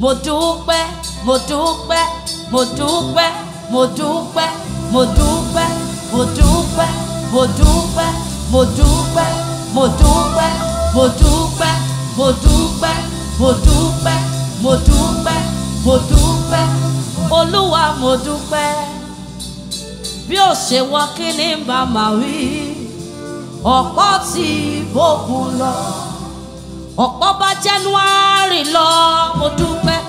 mo dúpẹ́ mo dúpẹ́ mo dúpẹ́ mo dúpẹ́ mo dúpẹ́ mo dúpẹ́ mo dúpẹ́ mo dúpẹ́ mo dúpẹ́ mo dúpẹ́ mo dúpẹ́ mo dúpẹ́ mo dúpẹ́ mo dúpẹ́ olúwa mo dúpẹ́ bí ó ṣe wọ́n kí ni bàmà wí ọ̀pọ̀ tí bókun lọ ọ̀pọ̀ bá January lọ mo dúpẹ́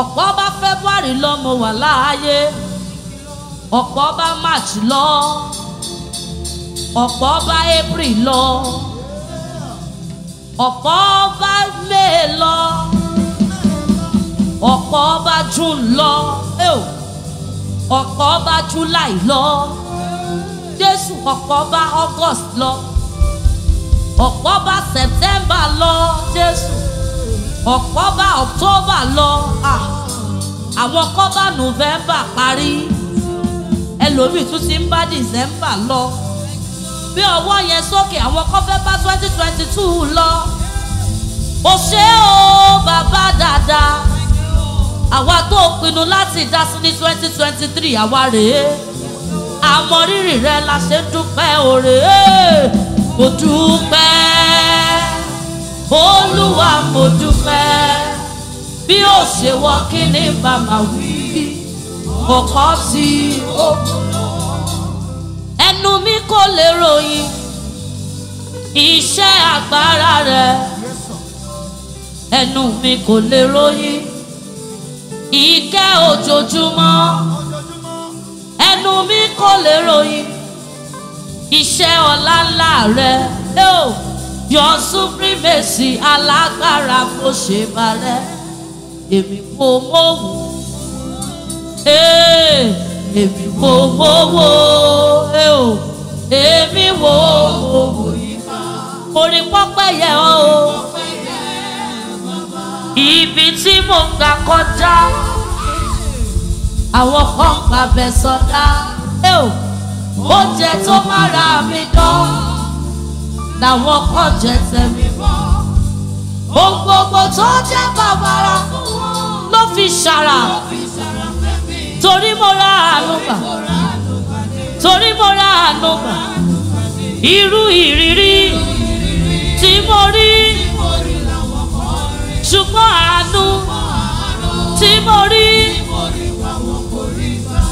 ọ̀pọ̀ bá February lọ mo wà láàyè ọ̀pọ̀ bá March lọ ọ̀pọ̀ bá April lọ ọ̀pọ̀ bá May lọ ọ̀pọ̀ bá June lọ ọ̀pọ̀ bá July lọ Jésù ọ̀pọ̀ bá August lọ ọ̀pọ̀ba september lọ jésù ọ̀pọ̀ba october lọ àwọn kọ́ba november parí ẹlòmíì tún ti ń bá december lọ bí ọwọ́ yẹn sókè àwọn kan fẹ́ bá twenty twenty two lọ o ṣé o bàbá dáadáa àwa tó pinnu láti dá sí ní twenty twenty three àwa rèé àmọ́ rírì rẹ la ṣe dúpẹ́ òrèé mo dúpẹ́ olúwa mo dúpẹ́ bí ó ṣe wọ kí ni bàbá wí mo kọ́ sí ẹnu mi kò lè ròyìn iṣẹ́ agbára rẹ ẹnu mi kò lè ròyìn ìkẹ́ ojoojúmọ́ ẹnu mi kò lè ròyìn iṣẹ́ ọlá ńlá rẹ yọ supremacy alágbára kò ṣe parẹ́ èmi kò mọ̀wó èmi kò mọ̀wó èmi wò ó orí pọ́pẹ́ yẹ ọ́ o ibi tí mo gbà kọjá àwọn kan gbàbẹ̀ sọdá. Hey, oh oúnjẹ tó mára mi dán làwọn kan jẹ tẹ̀mí mọ́ ohun gbogbo tó jẹ́ bàbàrà ló fi ṣàrà torí mo ra àánú gbà torí mo ra àánú gbà irú ìrírí tí mo rí ṣùgbọ́n àánú tí mo rí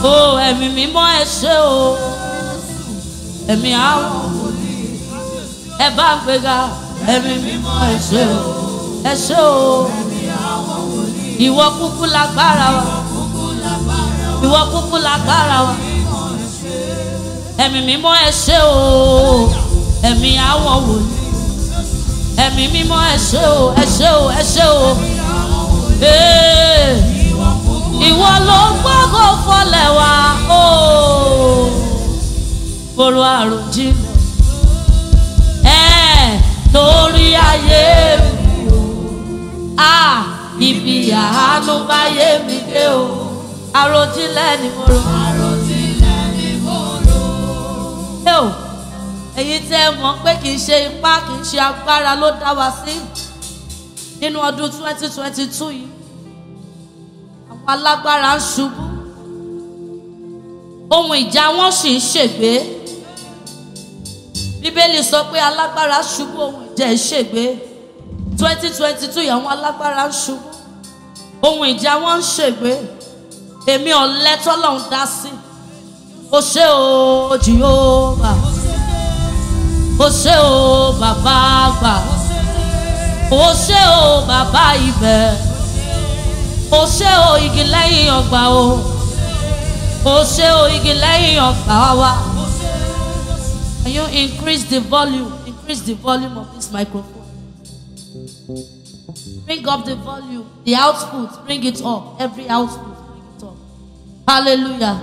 o oh, ẹ̀mí mímọ́ ẹ ṣé o ẹ̀mí àwọn wòlíì ẹ bá ń gbéga ẹ̀mí mímọ́ ẹ ṣé o ẹ ṣé o ìwọ kúkú lágbára wa ìwọ kúkú lágbára wa ẹ̀mí mímọ́ ẹ ṣé o ẹ̀mí àwọn wòlíì ẹ̀mí mímọ́ ẹ ṣé o ẹ ṣé o ẹ ṣé o ìwọ ló gbọ́gọ́ fọlẹ̀ wá o fòrò àròjinlẹ̀ ẹ̀ torí ayé mi o a ah, ibi àánú bá yé mi dé o àròjinlẹ̀ ni mo rò. àròjinlẹ̀ ni mo rò. èyí tẹ́ ẹ mọ̀ pé kì í ṣe ipá kì í ṣe agbára ló dá wa sí nínú ọdún twenty twenty two yìí àwọn alágbára ń ṣubú ohun ìjà wọn sì ń ṣègbè bíbélì sọ pé alágbára ṣubú ohun ìjẹ́ ṣègbé twenty twenty two àwọn alágbára ń ṣubú ohun ìjà wọn ń ṣègbé èmi ọ̀lẹ tọ́lọ́hún dá sí o ṣé o Jèhófà o ṣé o bàbá àgbà o ṣé o bàbá ibẹ̀ o ṣé o igi lẹ́yìn ọgbà o o ṣé o igi lẹ́yìn ọgbà wa. Can you increase the volume? Increase the volume of this microphone. Bring up the volume, the output, bring it up. Every output, bring it up. Hallelujah.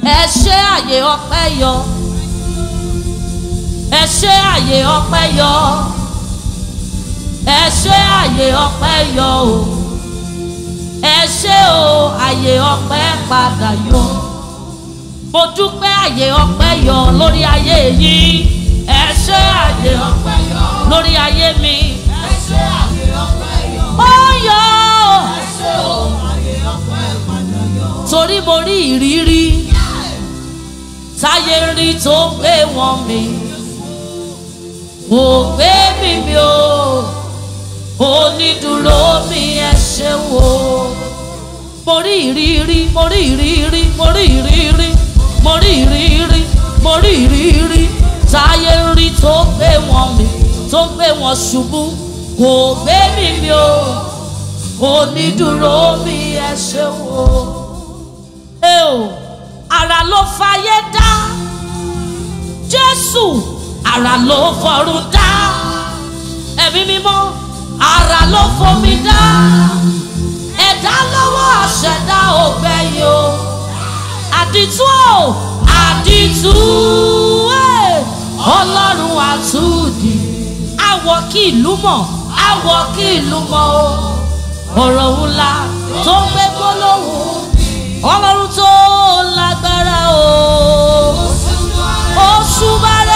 Ẹ ṣe àyè ọpẹ́ yọ. Ẹ ṣe àyè ọpẹ́ yọ. Ẹ ṣe àyè ọpẹ́ yọ o. Ẹ ṣe o àyè ọpẹ́ padà yọ mo dúpẹ́ àyè ọpẹ́ yọ lórí ayé yìí ẹ ṣé àyè ọpẹ́ yọ lórí ayé mi ẹ ṣé àyè ọpẹ́ yọ ó yọ ẹ ṣé o àyè ọpẹ́ ìpàdé yọ torí mo rí ìrírí táyé rí tó gbé wọn mi ò gbé mi mi o onídùúró mi ẹ ṣé wò mo rí ìrírí mo rí ìrírí mo rí ìrírí. Moriri, moriri, ìrírí mo rí ìrírí táyé ń rí tó gbé wọn mì tó gbé wọn ṣubú kò gbé mi mi o onídùúró mi ẹ ṣe wo. ẹ o ara ló fayé dá Jésù ara ló fọ̀run dá ẹ̀mí mímọ́ ara ló fomi dá ẹ̀dá lọ́wọ́ àṣẹ̀dá ògbẹ́yìn o àdìtú ò àdìtú eh, ọlọ́run àtúndì àwọ̀ kí ìlú mọ̀ àwọ̀ kí ìlú mọ̀ o ọ̀rọ̀ ńlá tó gbé gbólóhùn ọlọ́run tó lágbára o ó súnmọ́ rẹ̀.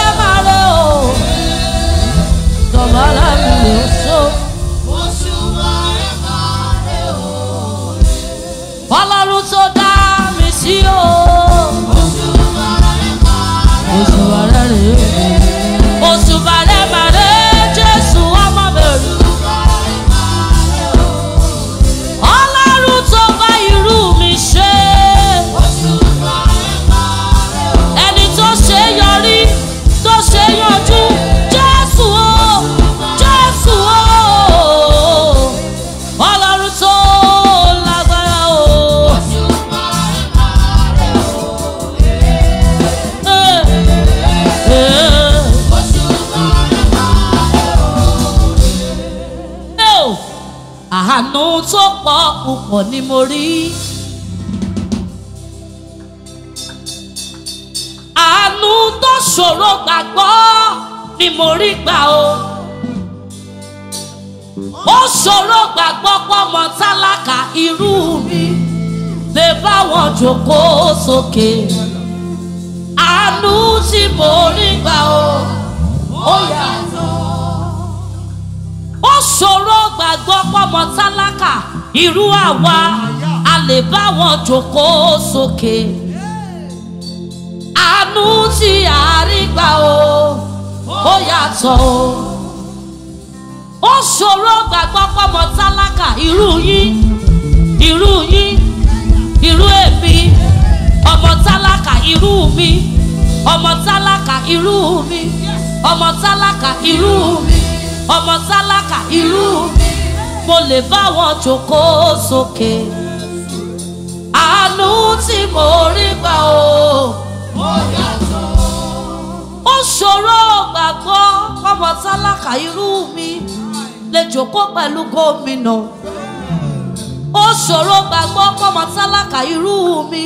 àánú tó pọ̀ púpọ̀ ni mo rí. àánú tó ṣòro gbàgbọ́ ni mo rí gbà o. ó ṣòro gbàgbọ́ pọ́mọ tálákà irú mi lè bá wọn jókòó sókè. àánú tí mo rí gbà o ó yàtọ̀ ó ṣòro gbàgbọ́ pọ́mọ tálákà irú àwa a lè bá wọn jókòó sókè àánú tí a rí gbà o ó yàtọ̀ o ó ṣòro gbàgbọ́ pọ́mọ tálákà irú yín irú yín irú èmi ọmọ tálákà irú mi ọmọ tálákà irú mi ọmọ tálákà irú mi ọmọ sálákà irú mi mo lè bá wọn jókòó sókè àánú tí mo rí gbà o. ó yàtọ̀. ó ṣòro gbàgbọ́ ọmọ sálákà irú mi lè jókòó pẹ̀lú gómìnà ó ṣòro gbàgbọ́ ọmọ sálákà irú mi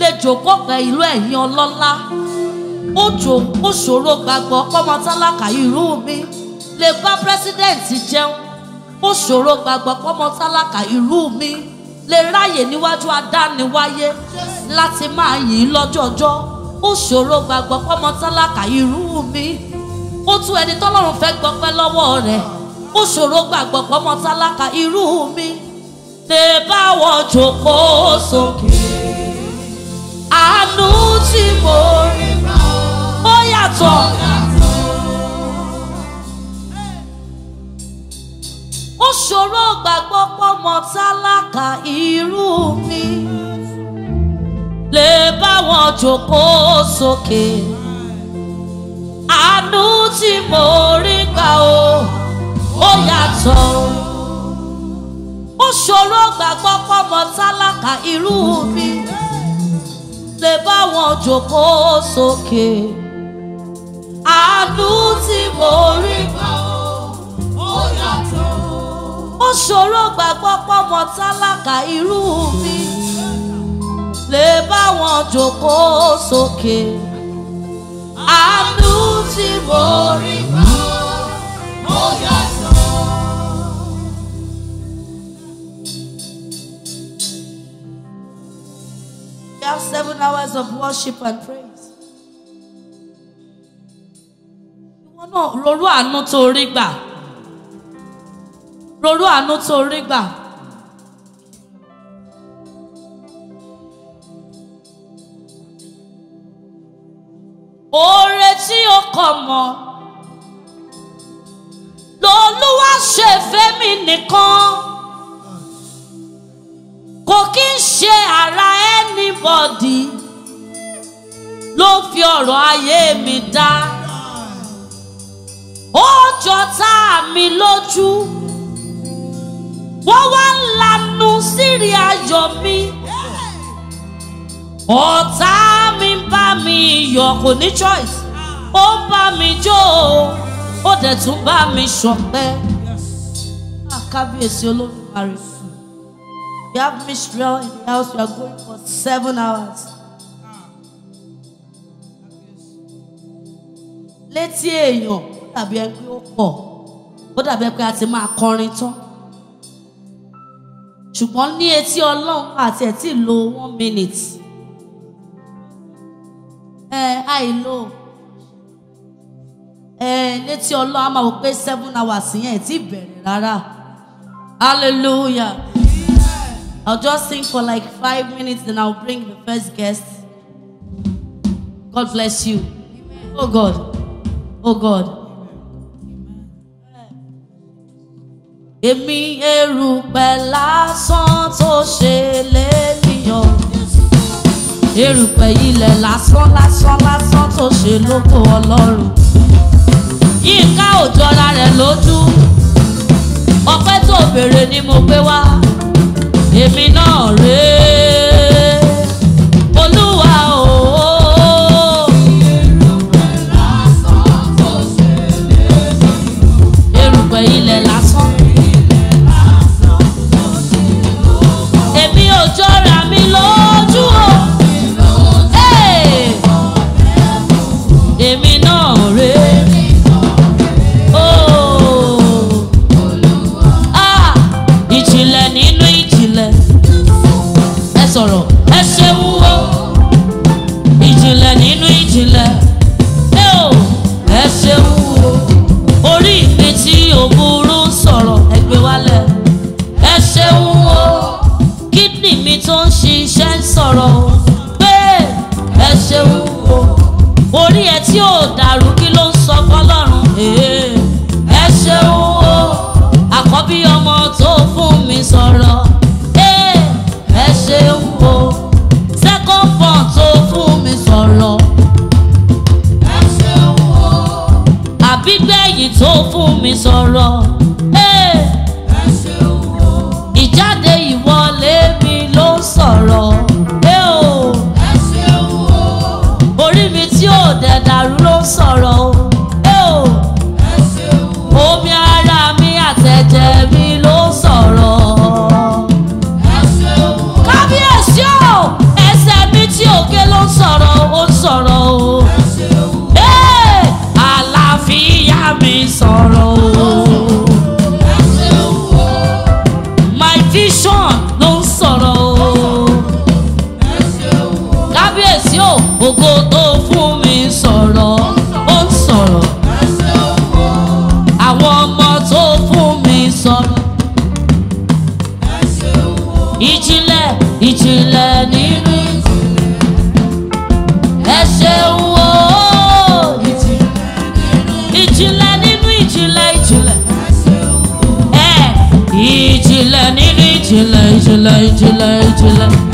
lè jókòó pẹ̀lú ẹ̀yin ọlọ́lá ó ṣòro gbàgbọ́ ọmọ sálákà irú mi lè bá pírẹsidẹ́ǹtì jẹun ó ṣòro gbàgbọ́ pọ́mọ tálákà ìlú mi lè ráyè níwájú adániwáyé láti máa yìn lọ́jọ́jọ́ ó ṣòro gbàgbọ́ pọ́mọ tálákà ìlú mi ó tún ẹni tọ́lọ́run fẹ́ gbọ́pẹ́ lọ́wọ́ rẹ̀ ó ṣòro gbàgbọ́ pọ́mọ tálákà ìlú mi lè bá wọn jókòó sókè àánú tí mo rí ó yàtọ̀. ṣòro gbàgbọ́ pọ́mọ tálákà irú mi lè bá wọn jókòó sókè àánú tí mo rí gbà o ó yàtọ̀ ó ṣòro gbàgbọ́ pọ́mọ tálákà irú mi lè bá wọn jókòó sókè àánú tí mo rí gbà o ó ṣòro gbàgbọ́ pọ́mọ tálákà irú mi lè bá wọn jókòó sókè àánú tí mo rí bá ó yàtọ̀. We have seven hours of worship and praise. Ìwọ náà ronú àánú tó rí gbà ronú àánú tó rí gbà. oore tí o kò mọ̀ lolúwa ṣe fẹ́mi nìkan kò kí ń ṣe ara anybody ló fi ọ̀rọ̀ ayé mi dá ó jọ tá a mi lójú wọ́n wá lanu sírí ayọ̀ mi ọ̀tá mi bá mi yọ̀ kò ní choice ó bá mi jó ó dẹ̀ tún bá mi ṣọpẹ́ ah, kábíyèsí olóògbé rẹ̀ fún we have mistral in the house we are going for seven hours. létí èèyàn ó dàbí ẹ pé ó pọ̀ ó dàbí ẹ pé a ti máa kọrin tán ṣùgbọ́n ní etí ọlọ́run àti ẹ̀tí lo one minute ẹ àìlò ẹ létí ọlọ́run a máa wò pé seven hours yẹn ti bẹ̀rẹ̀ rárá hallelujah I'll just sing for like five minutes then I'll bring the first guest God bless you oh God oh God. èmi erùpẹ̀ lásán tó ṣe lénìyàn erùpẹ̀ ilẹ̀ lásán lásán lásán tó ṣe lóko ọlọ́run yínká ò jọra rẹ̀ lójú ọpẹ́ tó béèrè ni mo gbé wá èmi náà rèé. tí ò dẹ̀ dàrú ló ń sọ̀rọ̀. July, July, July.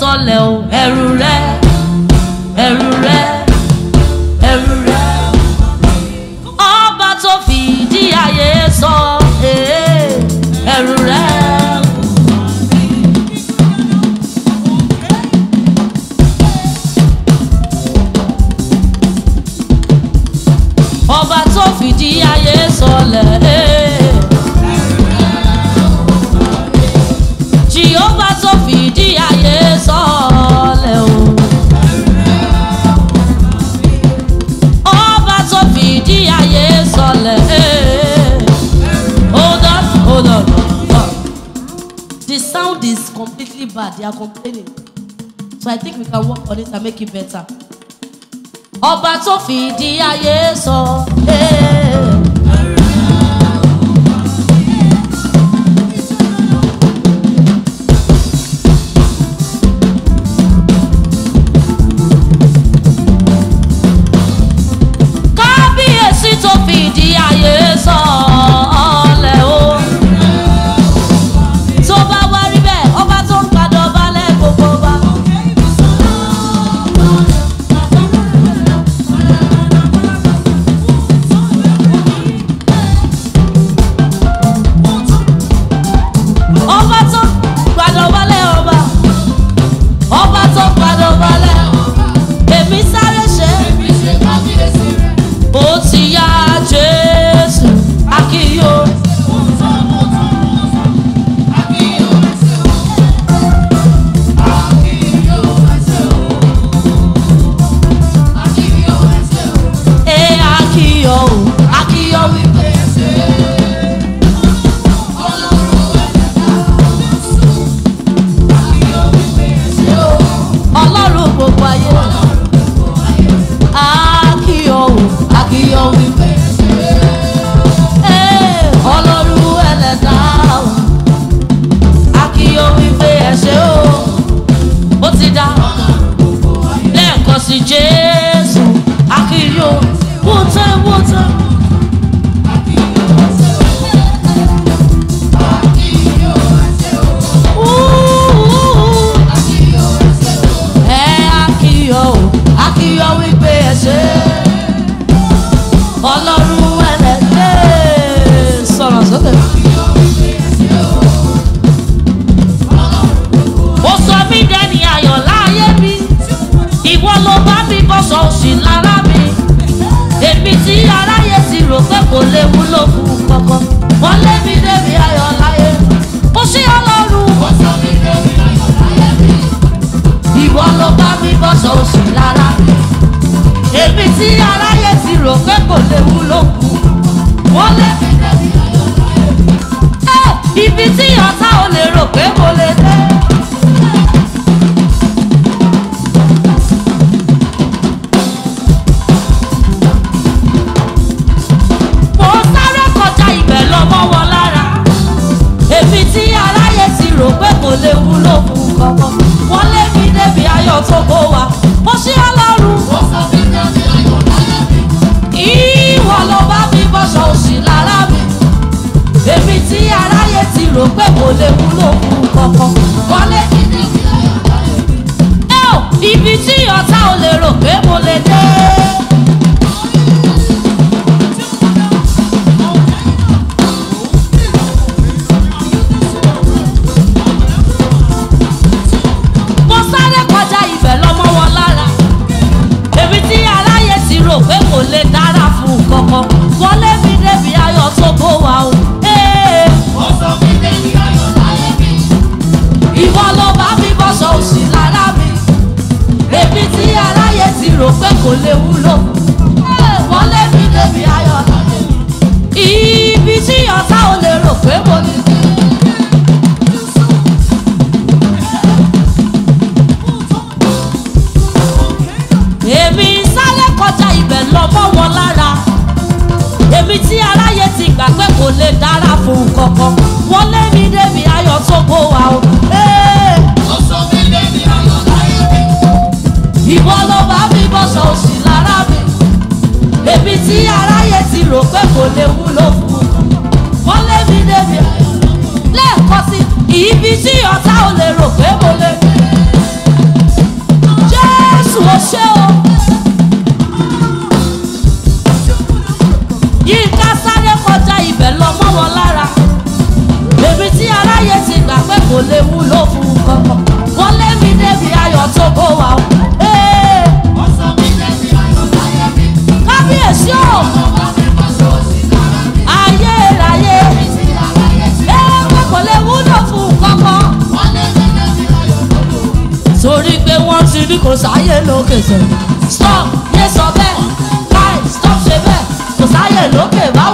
sọlẹ̀ o. they are complaining so I think we can work on it and make it better. ọba tó fìdí ayé sọ. Hey. Eh. ìwọ ló bá mi bọ́sọ̀ òsì lára mi èmi tí aráyé ti rò pé kò lè wúlò fún un wọ́n lé mi débi lẹ́ẹ̀kan sí ibi tí ọ̀tá ò lè rò pé mo lè Jésù ó ṣe o. Yínká sáré kọjá ibẹ̀ lọ mọ́ wọn lára èmi tí aráyé ti gbà pé kò lè wúlò fún un kankan wọ́n lé mi débi ayọ̀ tó bó wa o. bí kò sáyé lókè sẹ̀. stop yé sọ bẹ́ẹ̀ láì stop ṣe bẹ́ẹ̀ kò sáyé lókè báwo.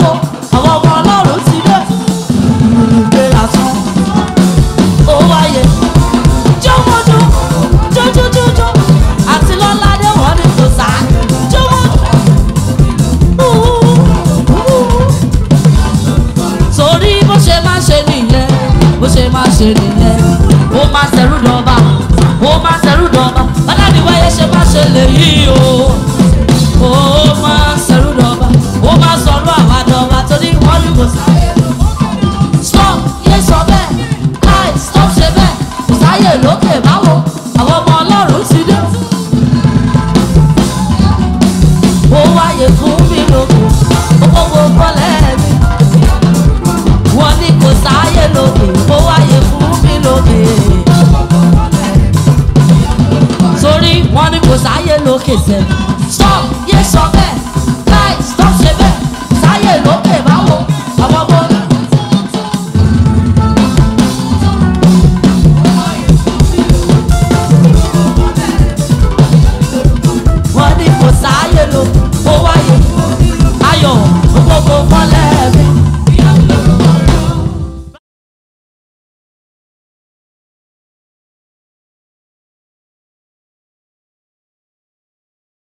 sáyé lókè sẹ́nu.